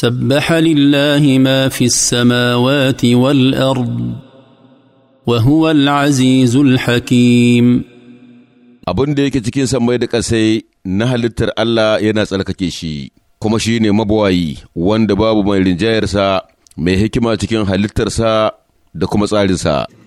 سبح لله ما في السماوات والارض وهو العزيز الحكيم abin da yake cikin sammai da ƙasai na halittar Allah yana tsarkake shi kuma shi ne mabuwayi, wanda babu mai rinjayarsa mai hikima cikin halittarsa da kuma tsarinsa